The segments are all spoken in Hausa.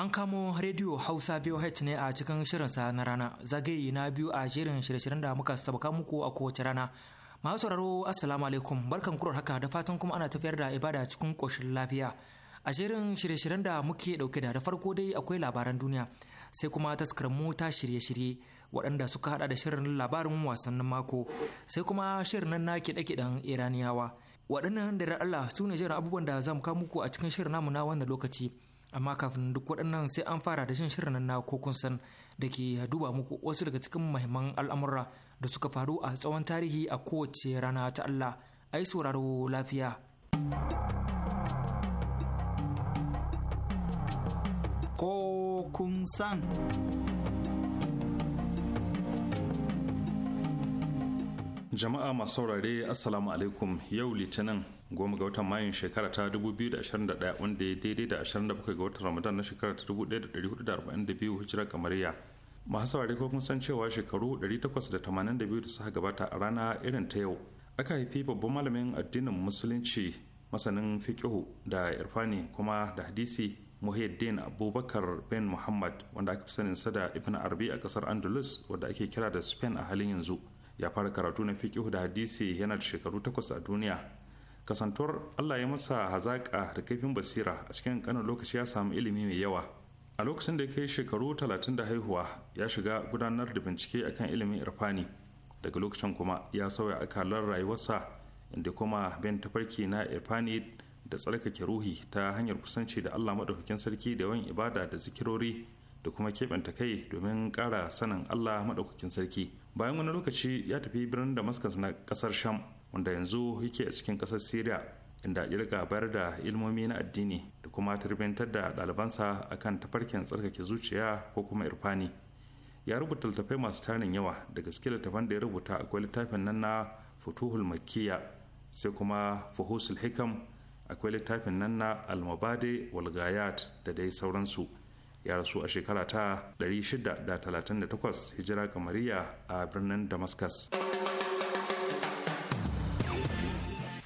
An kamo rediyo Hausa BOH ne a cikin shirinsa na rana zagaye na biyu a jerin shirye-shiryen da muka sabaka muku a kowace rana. Masu sauraro Assalamu alaikum barkan kurar haka da fatan kuma ana tafiyar da ibada cikin ƙoshin lafiya. A jerin shirye-shiryen da muke ɗauke da da farko dai akwai labaran duniya sai kuma mu ta shirye-shirye waɗanda suka haɗa da shirin labarin wasannin mako sai kuma shirin nan na kiɗe-kiɗen Iraniyawa. Waɗannan da Allah su ne jiran abubuwan da zamu kawo muku a cikin shirin namu na wannan lokaci. amma kafin duk waɗannan sai an fara da shan shirin na kokun san da ke duba muku wasu daga cikin mahimman al'amura da suka faru a tsawon tarihi a kowace rana ta Allah a yi sauraro lafiya. Kokun san. jama'a masu saurare assalamu alaikum yau litinin goma ga watan mayun shekara ta 2021 wanda ya daidai da 27 ga watan ramadan na shekara ta 1442 hijira kamariya masu saurare ko kun san cewa shekaru 882 da suka gabata a rana irin ta yau aka haifi babban malamin addinin musulunci masanin fiqihu da irfani kuma da hadisi muhyiddin abubakar bin muhammad wanda aka fi sanin sada ibn arabi a kasar andalus wanda ake kira da spain a halin yanzu ya fara karatu na fiƙi da hadisi yana da shekaru takwas a duniya kasantar allah ya masa hazaƙa da kaifin basira a cikin ƙanan lokaci ya samu ilimi mai yawa a lokacin da ya kai shekaru talatin da haihuwa ya shiga gudanar da bincike akan ilimin irfani daga lokacin kuma ya sauya akalar rayuwarsa inda kuma bin tafarki na irfani da tsarkake ruhi ta hanyar kusanci da allah maɗaukakin sarki da yawan ibada da zikirori da kuma keɓanta kai domin ƙara sanin Allah maɗaukakin sarki bayan wani lokaci ya tafi birnin Damascus na ƙasar Sham wanda yanzu yake a cikin ƙasar Syria inda ya riga bayar da ilmomi na addini da kuma tarbiyantar da ɗalibansa akan tafarkin tsarkake zuciya ko kuma irfani ya rubuta littattafai masu tarin yawa da gaske littattafan da ya rubuta akwai littafin nan na futuhul makkiya sai kuma fuhusul hikam akwai littafin nan na almabade walgayat da dai sauransu ya rasu a shekara ta 638 hijira kamariya a birnin damascus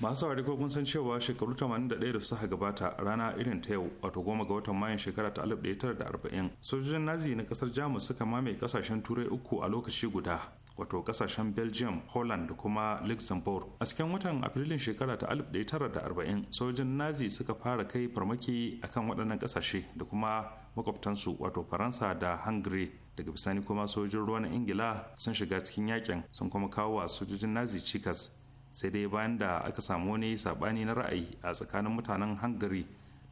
masu saurari ko kun san cewa shekaru 81 da suka gabata rana irin ta yau wato goma ga watan mayan shekara ta 1940 sojojin nazi na kasar jamus suka mame kasashen turai uku a lokaci guda wato kasashen belgium holland da kuma luxembourg a cikin watan afrilun shekara ta 1940 sojin nazi suka fara kai farmaki a kan waɗannan kasashe da kuma makwabtansu wato faransa da hungary daga bisani kuma sojin ruwa na ingila sun shiga cikin yakin sun kuma kawo wa sojojin nazi cikas sai dai bayan da aka samu wani sabani na ra'ayi a tsakanin mutanen hungary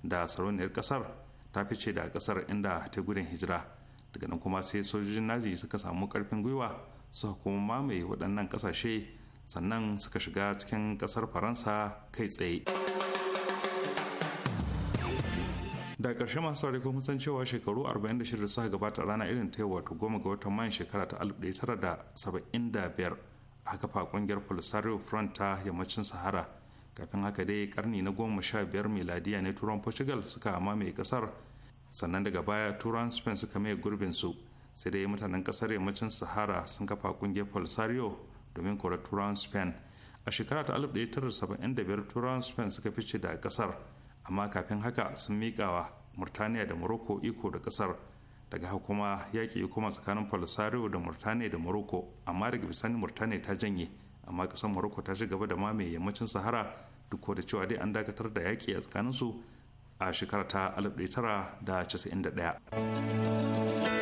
da sarauniyar kasar ta fice da kasar inda ta gudun hijira daga nan kuma sai sojojin nazi suka samu karfin gwiwa suka kuma mamaye waɗannan ƙasashe sannan suka shiga cikin ƙasar faransa kai tsaye da ƙarshe masu saurari kuma san cewa shekaru 46 da suka gabata rana irin ta wato goma ga watan mayan shekara ta 1975 a kafa ƙungiyar polisario front ta yammacin sahara kafin haka dai karni na goma sha biyar miladiya ne turan portugal suka mamaye ƙasar sannan daga baya turan spain suka maye gurbin su sai dai mutanen kasar yammacin sahara sun kafa kungiyar polisario domin kora turawan spain a shekara ta 1975 turawan spain suka fice da kasar amma kafin haka sun miƙawa murtaniya da morocco iko da kasar daga haka kuma yaƙi kuma tsakanin polisario da murtaniya da morocco amma daga bisani murtaniya ta janye amma kasar morocco ta ci gaba da mamaye yammacin sahara duk da cewa dai an dakatar da yaƙi a tsakaninsu a shekara ta 1991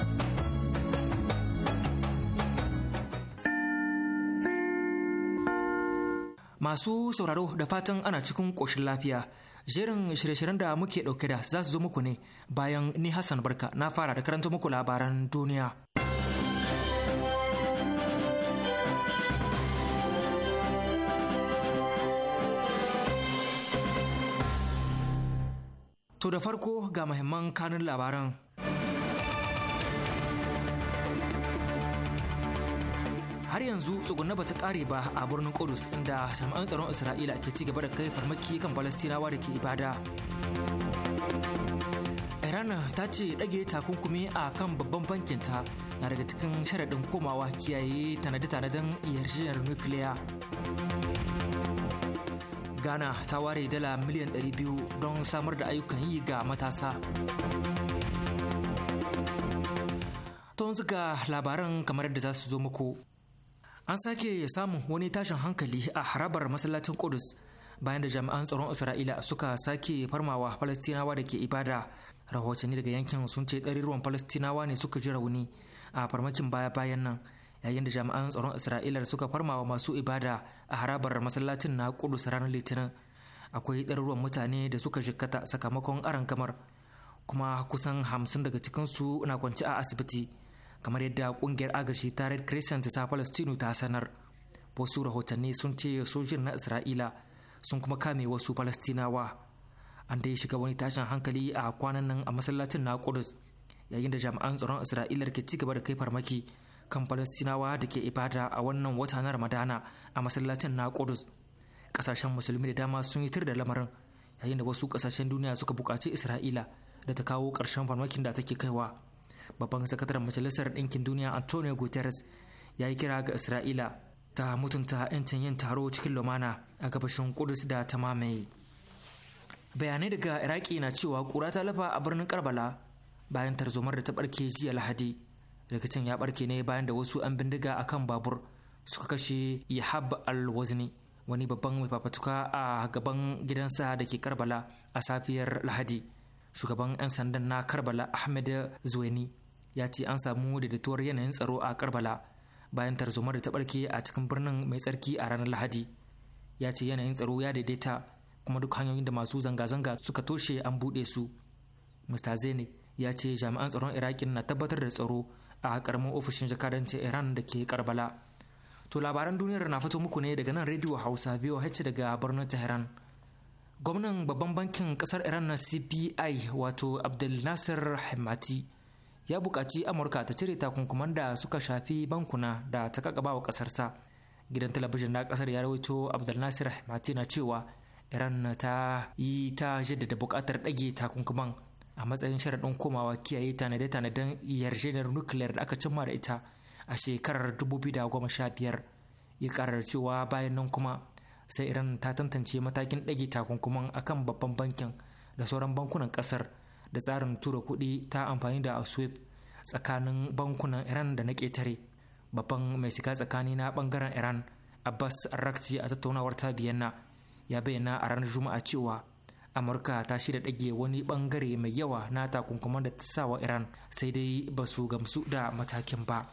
Masu sauraro da fatan ana cikin ƙoshin lafiya. Jerin shirye-shiryen da muke ɗauke da za su zo muku ne bayan ni Hassan Barka na fara da karanta muku labaran duniya. To da farko ga muhimman kanun labaran. har yanzu ba ta kare ba a birnin Kudus inda jami'an tsaron Isra'ila ke ci gaba da kai farmaki kan Falastinawa da ke ibada. Iran ta ce dage takunkumi a kan babban bankin ta na daga cikin sharaɗin komawa kiyaye tanade-tanaden yarjejeniyar nukiliya. Ghana ta ware dala miliyan 200 don samar da ayyukan yi ga matasa. Tun ga labaran kamar da za su zo muku. an sake ya samun wani tashin hankali a harabar masallacin kudus bayan da jami'an tsaron isra'ila suka sake farmawa falastinawa da ke ibada rahotanni daga yankin sun ce ɗariruwan falastinawa ne suka ji rauni a farmakin baya-bayan nan yayin da jami'an tsaron isra'ila suka farmawa masu ibada a harabar masallacin na kudus ranar litinin akwai ɗariruwan mutane da suka jikkata sakamakon kamar kuma kusan hamsin daga cikinsu na kwanci a asibiti kamar yadda kungiyar agashi ta red crescent ta palestino ta sanar wasu rahotanni sun ce sojin na isra'ila sun kuma kame wasu palestinawa an dai shiga wani tashin hankali a kwanan nan a masallacin na kudus yayin da jami'an tsaron isra'ila ke ci gaba da kai farmaki kan palestinawa da ke ibada a wannan wata na ramadana a masallacin na kudus kasashen musulmi da dama sun yi tir da lamarin yayin da wasu kasashen duniya suka bukaci isra'ila da ta kawo ƙarshen farmakin da take kaiwa babban sakataren majalisar ɗinkin duniya antonio guterres ya yi kira ga isra'ila ta mutunta 'yancin yin taro cikin lumana a gabashin kudus da ta mamaye bayanai daga iraki na cewa kura ta lafa a birnin karbala bayan tarzomar da ta barke jiya lahadi rikicin ya barke ne bayan da wasu 'yan bindiga a kan babur suka kashe yahab al-wazni wani babban mai fafatuka a gaban gidansa da ke karbala a safiyar lahadi shugaban 'yan sandan na karbala ahmed zuwaini ya ce an samu daidaituwar yanayin tsaro a karbala bayan tarzoma da ta barke a cikin birnin mai tsarki a ranar lahadi ya ce yanayin tsaro ya daidaita kuma duk hanyoyin da masu zanga-zanga suka toshe an buɗe su mr zene ya ce jami'an tsaron iraki na tabbatar da tsaro a karamin ofishin jakadancin iran da ke karbala to labaran duniyar na fito muku ne daga nan rediyo hausa voh daga birnin tehran gwamnan babban bankin kasar iran na cpi wato abdul nasir hamati ya bukaci amurka ta cire takunkuman da suka shafi bankuna da ta kakaba wa ƙasarsa gidan talabijin na ƙasar ya rawaito abdul nasir hamati na cewa iran ta yi ta jaddada buƙatar ɗage takunkuman a matsayin sharaɗin komawa kiyaye tanade-tanaden yarjejeniyar nukiliyar da aka cimma da ita a shekarar 2015 ya ƙarar cewa bayan nan kuma sai iran ta tantance matakin ɗage takunkuman akan babban bankin da sauran bankunan ƙasar da tsarin tura kuɗi ta amfani da swift tsakanin bankunan iran da na ƙetare babban mai shiga tsakani na bangaren iran abbas rakci a tattaunawar ta biyanna ya bayyana a ranar juma'a cewa amurka ta shirya ɗage wani bangare mai yawa na takunkuman da ta sawa iran sai dai ba su gamsu da matakin ba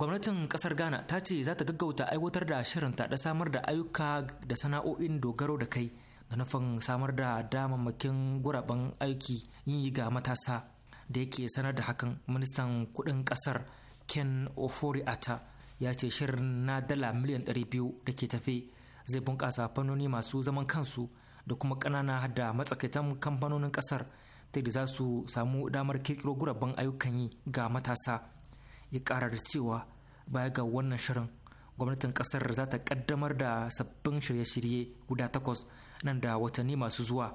gwamnatin kasar ghana ta ce za ta gaggauta aiwatar da shirinta da samar da ayyuka da sana'o'in dogaro da kai da nufin samar da damammakin guraben aiki yin yi ga matasa da yake sanar da hakan ministan kudin kasar ken ofori ata ya ce shirin na dala miliyan 200 da ke tafe zai bunƙasa fannoni masu zaman kansu da kuma ƙanana da matsakaitan kamfanonin kasar ta da za su samu damar kirkiro guraben ayyukan yi ga matasa ya ƙara da cewa baya ga wannan shirin gwamnatin ƙasar za ta ƙaddamar da sabbin shirye-shirye guda takwas nan da watanni masu zuwa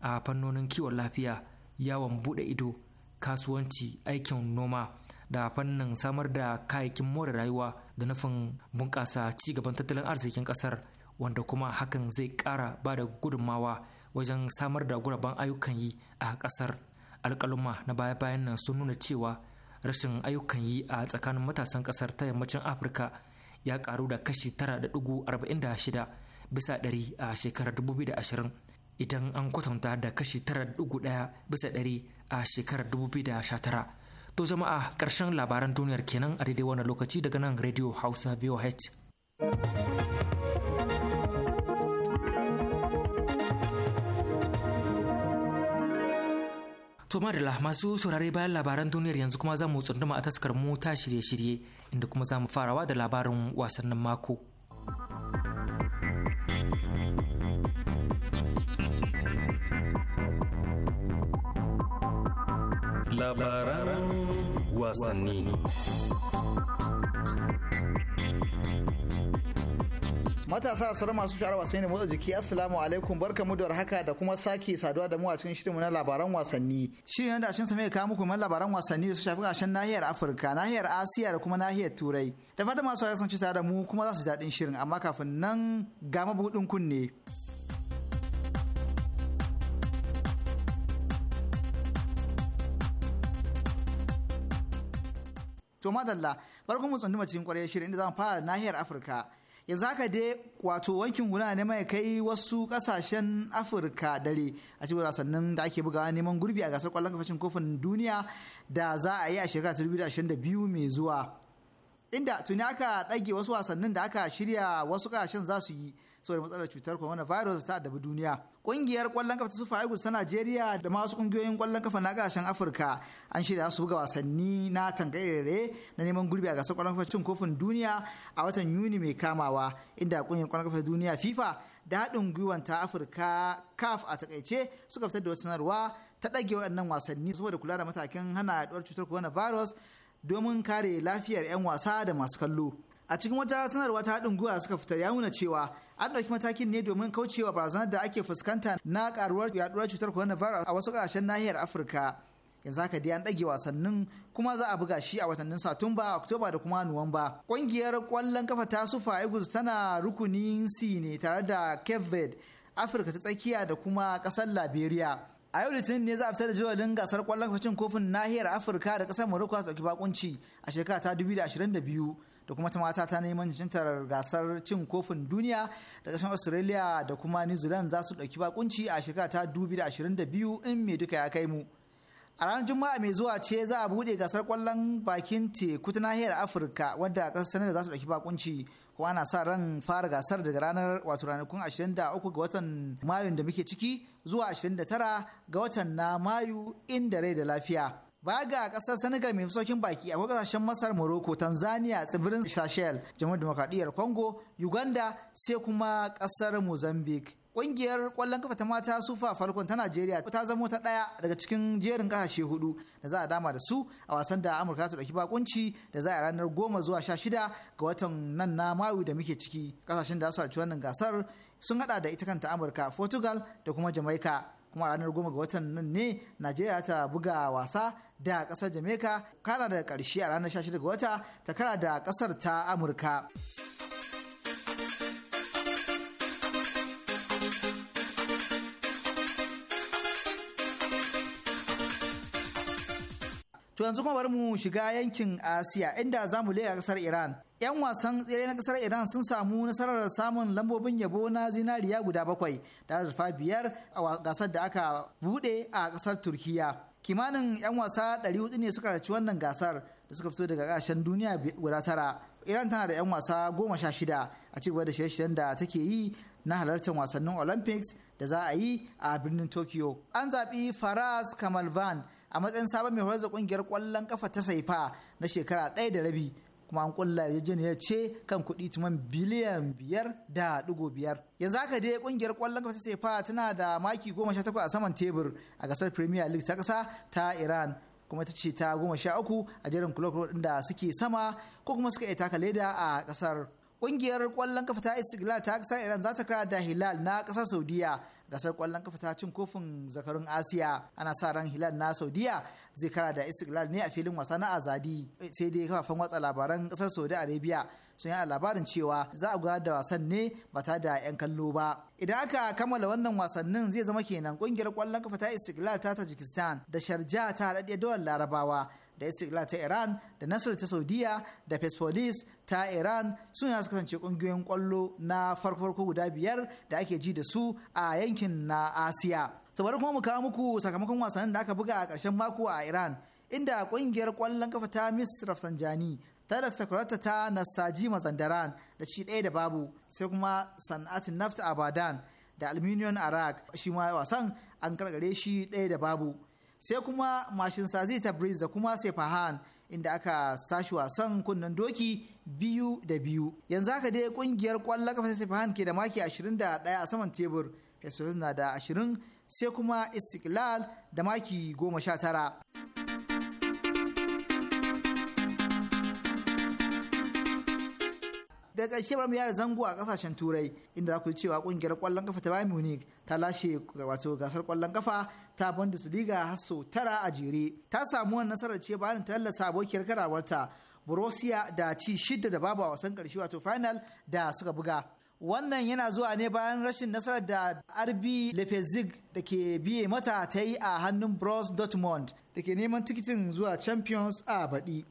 a fannonin kiwon lafiya yawon buɗe ido kasuwanci aikin noma da fannin samar da kayayyakin more rayuwa da nufin bunƙasa ci gaban tattalin arzikin ƙasar wanda kuma hakan zai ƙara ba da gudunmawa wajen samar da guraben ayyukan yi a ƙasar alƙaluma na baya-bayan nan sun nuna cewa rashin ayyukan yi a tsakanin matasan kasar ta yammacin afirka ya karu da kashi 9.46 bisa ɗari a shekarar 2020 idan an kwatanta da kashi 9.1 bisa ɗari a shekarar 2019 to jama'a karshen labaran duniyar kenan a daidai wani lokaci daga nan radio hausa voh To madalla masu saurare bayan labaran duniyar yanzu kuma za mu tsunduma a taskar mu ta shirye-shirye inda kuma za mu farawa da labarin wasannin mako. Labaran wasanni. matasa sura masu shara wasanni da motsa jiki assalamu alaikum barkamu da haka da kuma sake saduwa da mu a cikin shirinmu na labaran wasanni shirin yanda a sa mai kawo muku man labaran wasanni da su shafi kashin nahiyar afirka nahiyar asiya da kuma nahiyar turai da fata masu wasan ci tare da mu kuma za su daɗin shirin amma kafin nan ga mabuɗin kunne. To madalla, barkun mu tsunduma cikin kwarai shirin inda zan fara nahiyar Afirka. yanzu haka dai wato wankin guna ne mai kai wasu kasashen afirka dare a cikin wasannin da ake bugawa neman gurbi a gasar kwallon kafashin kofin duniya da za a yi a shekara 2022 mai zuwa inda tuni aka ɗage wasu wasannin da aka shirya wasu kasashen za su yi saboda matsalar cutar corona virus ta addabi duniya kungiyar kwallon kafa ta sufa ta Najeriya da masu kungiyoyin kwallon kafa na gashin Afirka an shirya su buga wasanni na tangairere na neman gurbi a gasar kwallon kafa cin kofin duniya a watan Yuni mai kamawa inda kungiyar kwallon kafa duniya FIFA da haɗin gwiwan ta Afirka CAF a takaice suka fitar da wata sanarwa ta ɗage waɗannan wasanni saboda kula da matakin hana yaduwar cutar corona virus domin kare lafiyar 'yan wasa da masu kallo. a cikin wata sanarwa ta haɗin gwiwa suka fitar ya nuna cewa an ɗauki matakin ne domin kaucewa barazanar da ake fuskanta na ƙaruwar yaɗuwar cutar coronavirus a wasu ƙasashen nahiyar afirka yanzu haka dai an ɗage wasannin kuma za a buga shi a watannin satumba oktoba da kuma nuwamba ƙungiyar ƙwallon kafa ta sufa eagles tana rukunin c ne tare da cape verde afirka ta tsakiya da kuma ƙasar liberia a yau litinin ne za a fitar da jadawalin gasar ƙwallon kafa cin kofin nahiyar afirka da ƙasar morocco ta ɗauki bakunci a shekara ta 2022 da kuma ta mata ta neman jintar gasar cin kofin duniya da ƙasar australia da kuma new zealand za su ɗauki bakunci a shekara ta 2022 in mai duka ya kai mu a ranar juma'a mai zuwa ce za a buɗe gasar ƙwallon bakin teku ta nahiyar afirka wadda ƙasar senegal za su ɗauki bakunci kuma ana sa ran fara gasar daga ranar wato ranakun 23 ga watan mayu da muke ciki zuwa 29 ga watan na mayu inda rai da lafiya baga ga ƙasar Senegal mai masaukin baki akwai kasashen Masar, Morocco, Tanzania, tsibirin shashel Jamhuriyar Demokradiyyar Congo, Uganda, sai kuma ƙasar Mozambique. Ƙungiyar ƙwallon kafa ta mata Sufa Falcon ta nigeria ta zamo ta ɗaya daga cikin jerin ƙasashe hudu da za a dama da su a wasan da Amurka ta ɗauki bakunci da za a ranar goma zuwa sha shida ga watan nan na Mayu da muke ciki. kasashen da su ci wannan gasar sun hada da ita kanta Amurka, Portugal da kuma Jamaica. kuma ranar goma ga watan nan ne najeriya ta buga wasa da kasar jamaica kana da karshe a ranar 16 ga wata ta kara da kasar ta amurka To yanzu kuma bari mu shiga yankin Asiya inda zamu mu a ƙasar Iran 'yan wasan tsere na kasar iran sun samu nasarar samun lambobin yabo na zinariya guda bakwai da azurfa biyar a gasar da aka bude a kasar turkiya kimanin 'yan wasa 400 ne suka raci wannan gasar da suka fito daga kashen duniya guda tara iran tana da 'yan wasa goma sha shida a cigaba da shirye-shiryen da take yi na halartar wasannin olympics da za a yi a birnin tokyo an zaɓi faraz kamalvan a matsayin sabon mai horar da kungiyar kwallon kafa ta saifa na shekara ɗaya da rabi kuma an kulla ya ce kan kuɗi tuman biliyan biyar da ɗigo biyar yanzu haka dai kungiyar kwallon kafa ta fa tana da maki goma sha takwas a saman tebur a gasar premier league ta ƙasa ta iran kuma ta ce ta goma sha uku a jerin kulokulo ɗin da suke sama ko kuma suka iya taka leda a ƙasar ƙungiyar ƙwallon kafa ta istiklal ta ƙasar iran za ta kara da hilal na ƙasar saudiya gasar kwallon kafa ta cin kofin zakarun asiya ana sa ran hilal na saudiya zai kara da istiklal ne a filin wasa na azadi eh, sai dai kafafen watsa labaran kasar saudi arabia sun yi a labarin cewa za a gudanar da wasan ne ba ta da 'yan kallo ba idan aka kammala wannan wasannin zai zama kenan kungiyar kwallon kafa ta istiklal ta tajikistan da sharja ta haɗaɗɗiyar dawar larabawa da istiklal ta iran da nasir ta saudiya da persepolis ta iran sun ya kasance kungiyoyin kwallo na farko guda biyar da ake ji da su a yankin na asiya saboda kuma mu kawo muku sakamakon wasannin da aka buga a ƙarshen mako a iran inda kungiyar kwallon kafa ta miss rafsanjani ta da sakurata ta nasaji mazandaran da shi ɗaya da babu sai kuma sanatin nafta abadan da aluminium arak shi ma wasan an karkare shi ɗaya da babu sai kuma mashin sazi tabriz da kuma sefahan inda aka sashi wasan kunnen doki biyu da biyu yanzu haka dai kungiyar kwallon kafa sefahan ke da maki 21 a saman tebur na da 20 sai kuma istiklal da maki 19 daga ƙarshe bari mu yada zango a ƙasashen turai inda za ku ji cewa ƙungiyar ƙwallon kafa ta bayan Munich ta lashe wato gasar ƙwallon kafa ta Bundesliga har sau tara a jere ta samu wannan nasarar ce bayan tallasa abokiyar karawarta Borussia da ci shidda da babu a wasan ƙarshe wato final da suka buga wannan yana zuwa ne bayan rashin nasarar da RB Leipzig da ke biye mata ta yi a hannun Bros Dortmund da ke neman tikitin zuwa Champions a baɗi.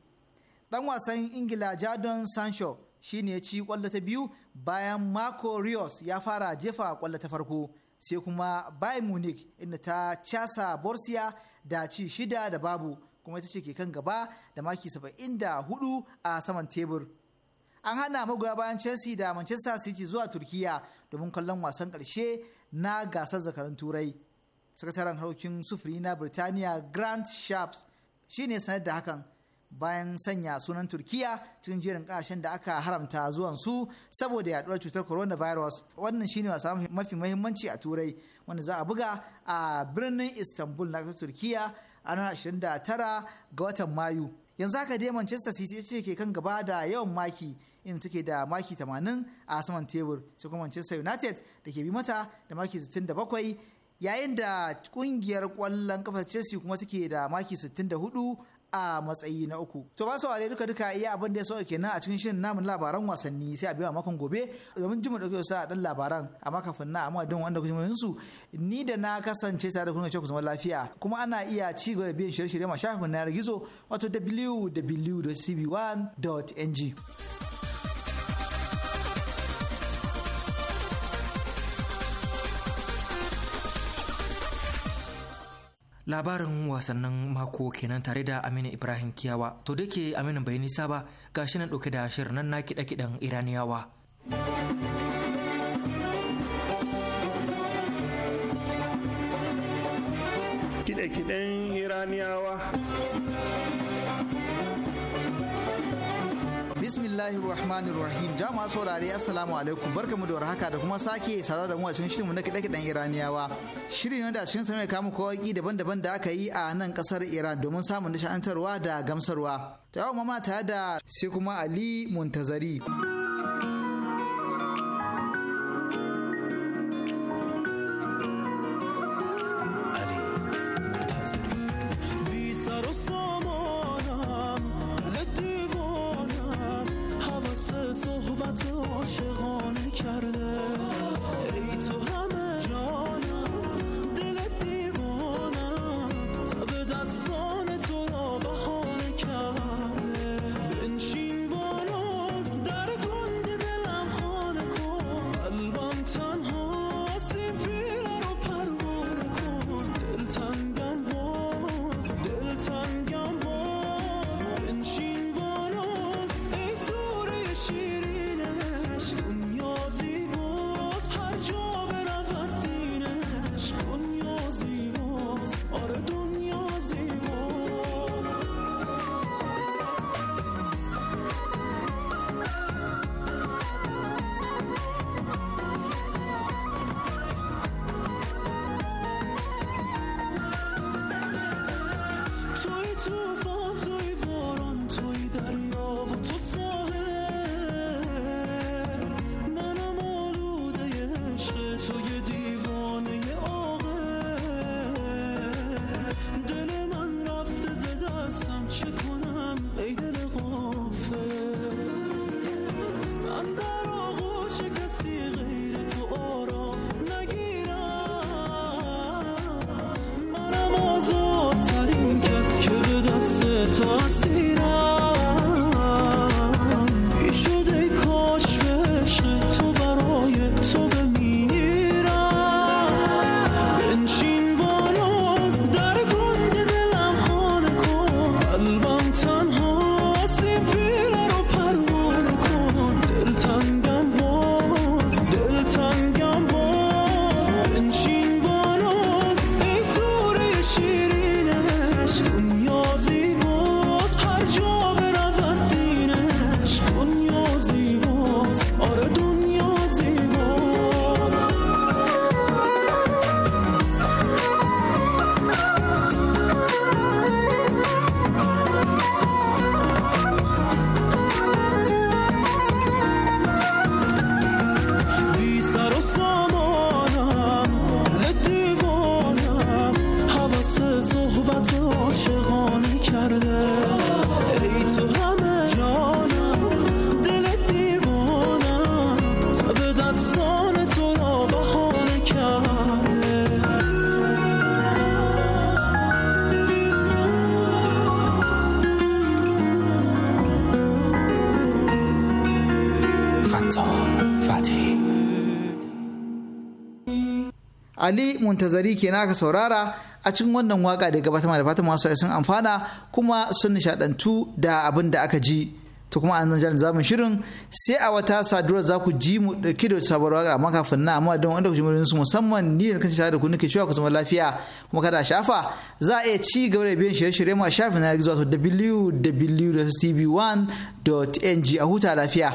Dan wasan Ingila Jadon Sancho shine ya ci kwallo ta biyu bayan Marco Rios ya fara jefa kwallo ta farko sai kuma Bayern Munich inda ta casa Borussia da ci shida da babu kuma ita ce ke kan gaba da maki 74 a saman tebur. An hana magoya bayan Chelsea da Manchester City zuwa Turkiya domin kallon wasan ƙarshe na gasar zakarun Turai. Sakataren harkokin sufuri na Birtaniya Grant Sharps shine sanar da hakan bayan sanya sunan turkiya cikin jerin kasashen da aka haramta zuwan su saboda yaduwar cutar coronavirus wannan shine wasa mafi mahimmanci a turai wanda za a buga a birnin istanbul na turkiya a ranar 29 ga watan mayu yanzu haka dai manchester city ce ke kan gaba da yawan maki inda take da maki 80 a saman tebur sai kuma manchester united da ke bi mata da maki 67 yayin da kungiyar kwallon kafa chelsea kuma take da maki 64 a matsayi na uku. To ba saurari duka duka iya abin da ya so kenan a cikin shirin namun labaran wasanni sai a biya makon gobe domin jima da sa a dan labaran amma kafin na amma don wanda kuma su ni da na kasance tare da kuma ku zama lafiya kuma ana iya ci gaba da biyan shirye-shirye ma shafin na gizo wato www.cb1.ng. labarin wasannin mako kenan tare da aminu ibrahim kiyawa to da ke aminu bai nisa ba gashi nan ɗauke da shirin nan na kiɗe-kiɗen iraniyawa kiɗe-kiɗen iraniyawa bismillahir rahmanir rahim jama'a saurare assalamu alaikum barkamu da warhaka da kuma sake saurara da mu a cikin shirinmu na kiɗe-kiɗen iraniyawa shirin ne a cikin sa kama kamu kawaki daban-daban da aka yi a nan kasar iran domin samun nishantarwa da gamsarwa ta yawon mama tare da sai kuma ali muntazari. muntazari ke naka saurara a cikin wannan waka da gabata da fatan masu sun amfana kuma sun nishadantu da abin da aka ji to kuma an zanjar zamun shirin sai a wata saduwar za ku ji mu dauki da sabuwar waka amma kafin na amma don wanda ku ji murin su musamman ni da kanci da ku nake cewa ku zama lafiya kuma kada shafa za a iya ci gaba da biyan shirye-shirye ma a shafin na gizo wato www.tv1.ng a huta lafiya.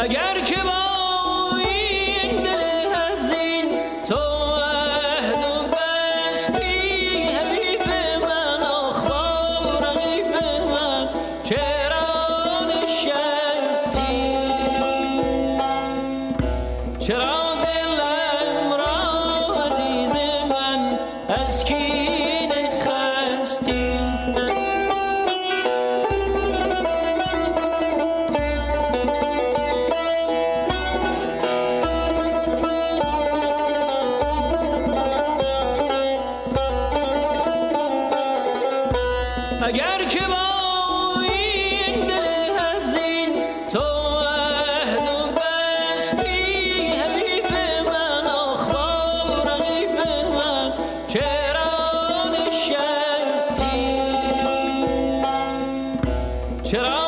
اگر که با Shut up!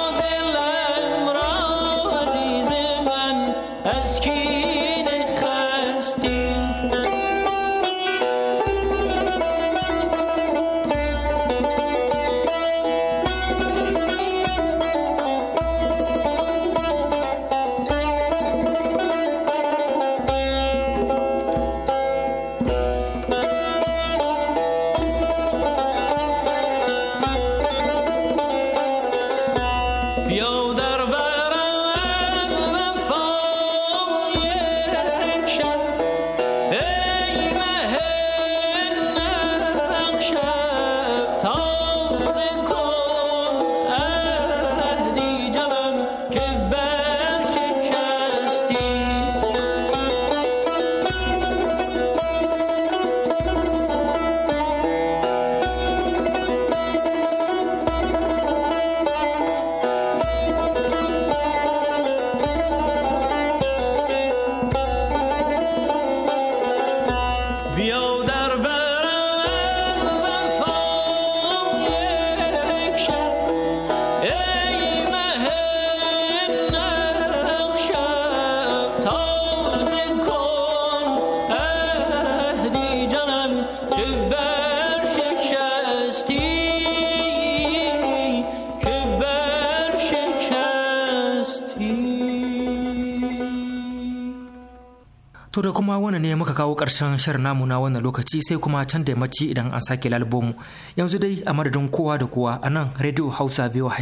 da kuma wani ne muka kawo ƙarshen shirin namu na wannan lokaci sai kuma can da yammaci idan an sake lalbomu yanzu dai a madadin kowa da kowa a nan radio hausa voh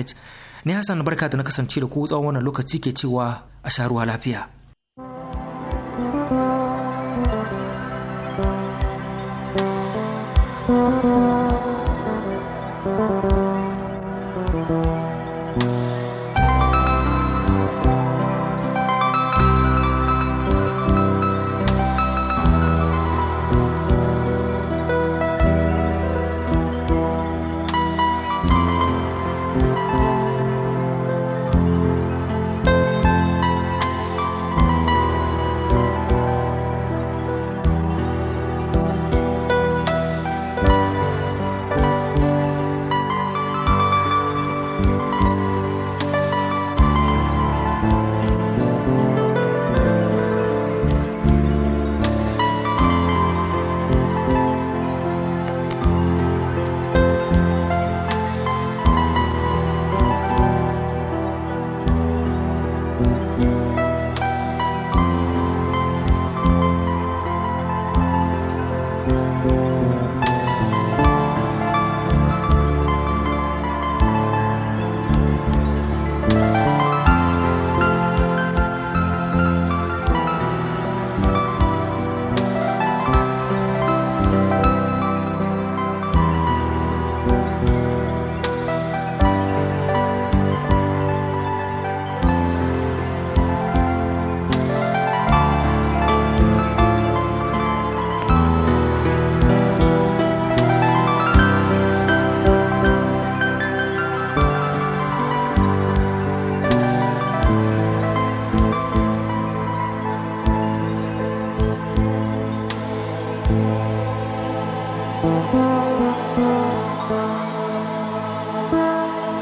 ne hassan barka da na kasance da ku tsawon wannan lokaci ke cewa a sharuwa lafiya Thank you.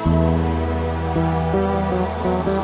Música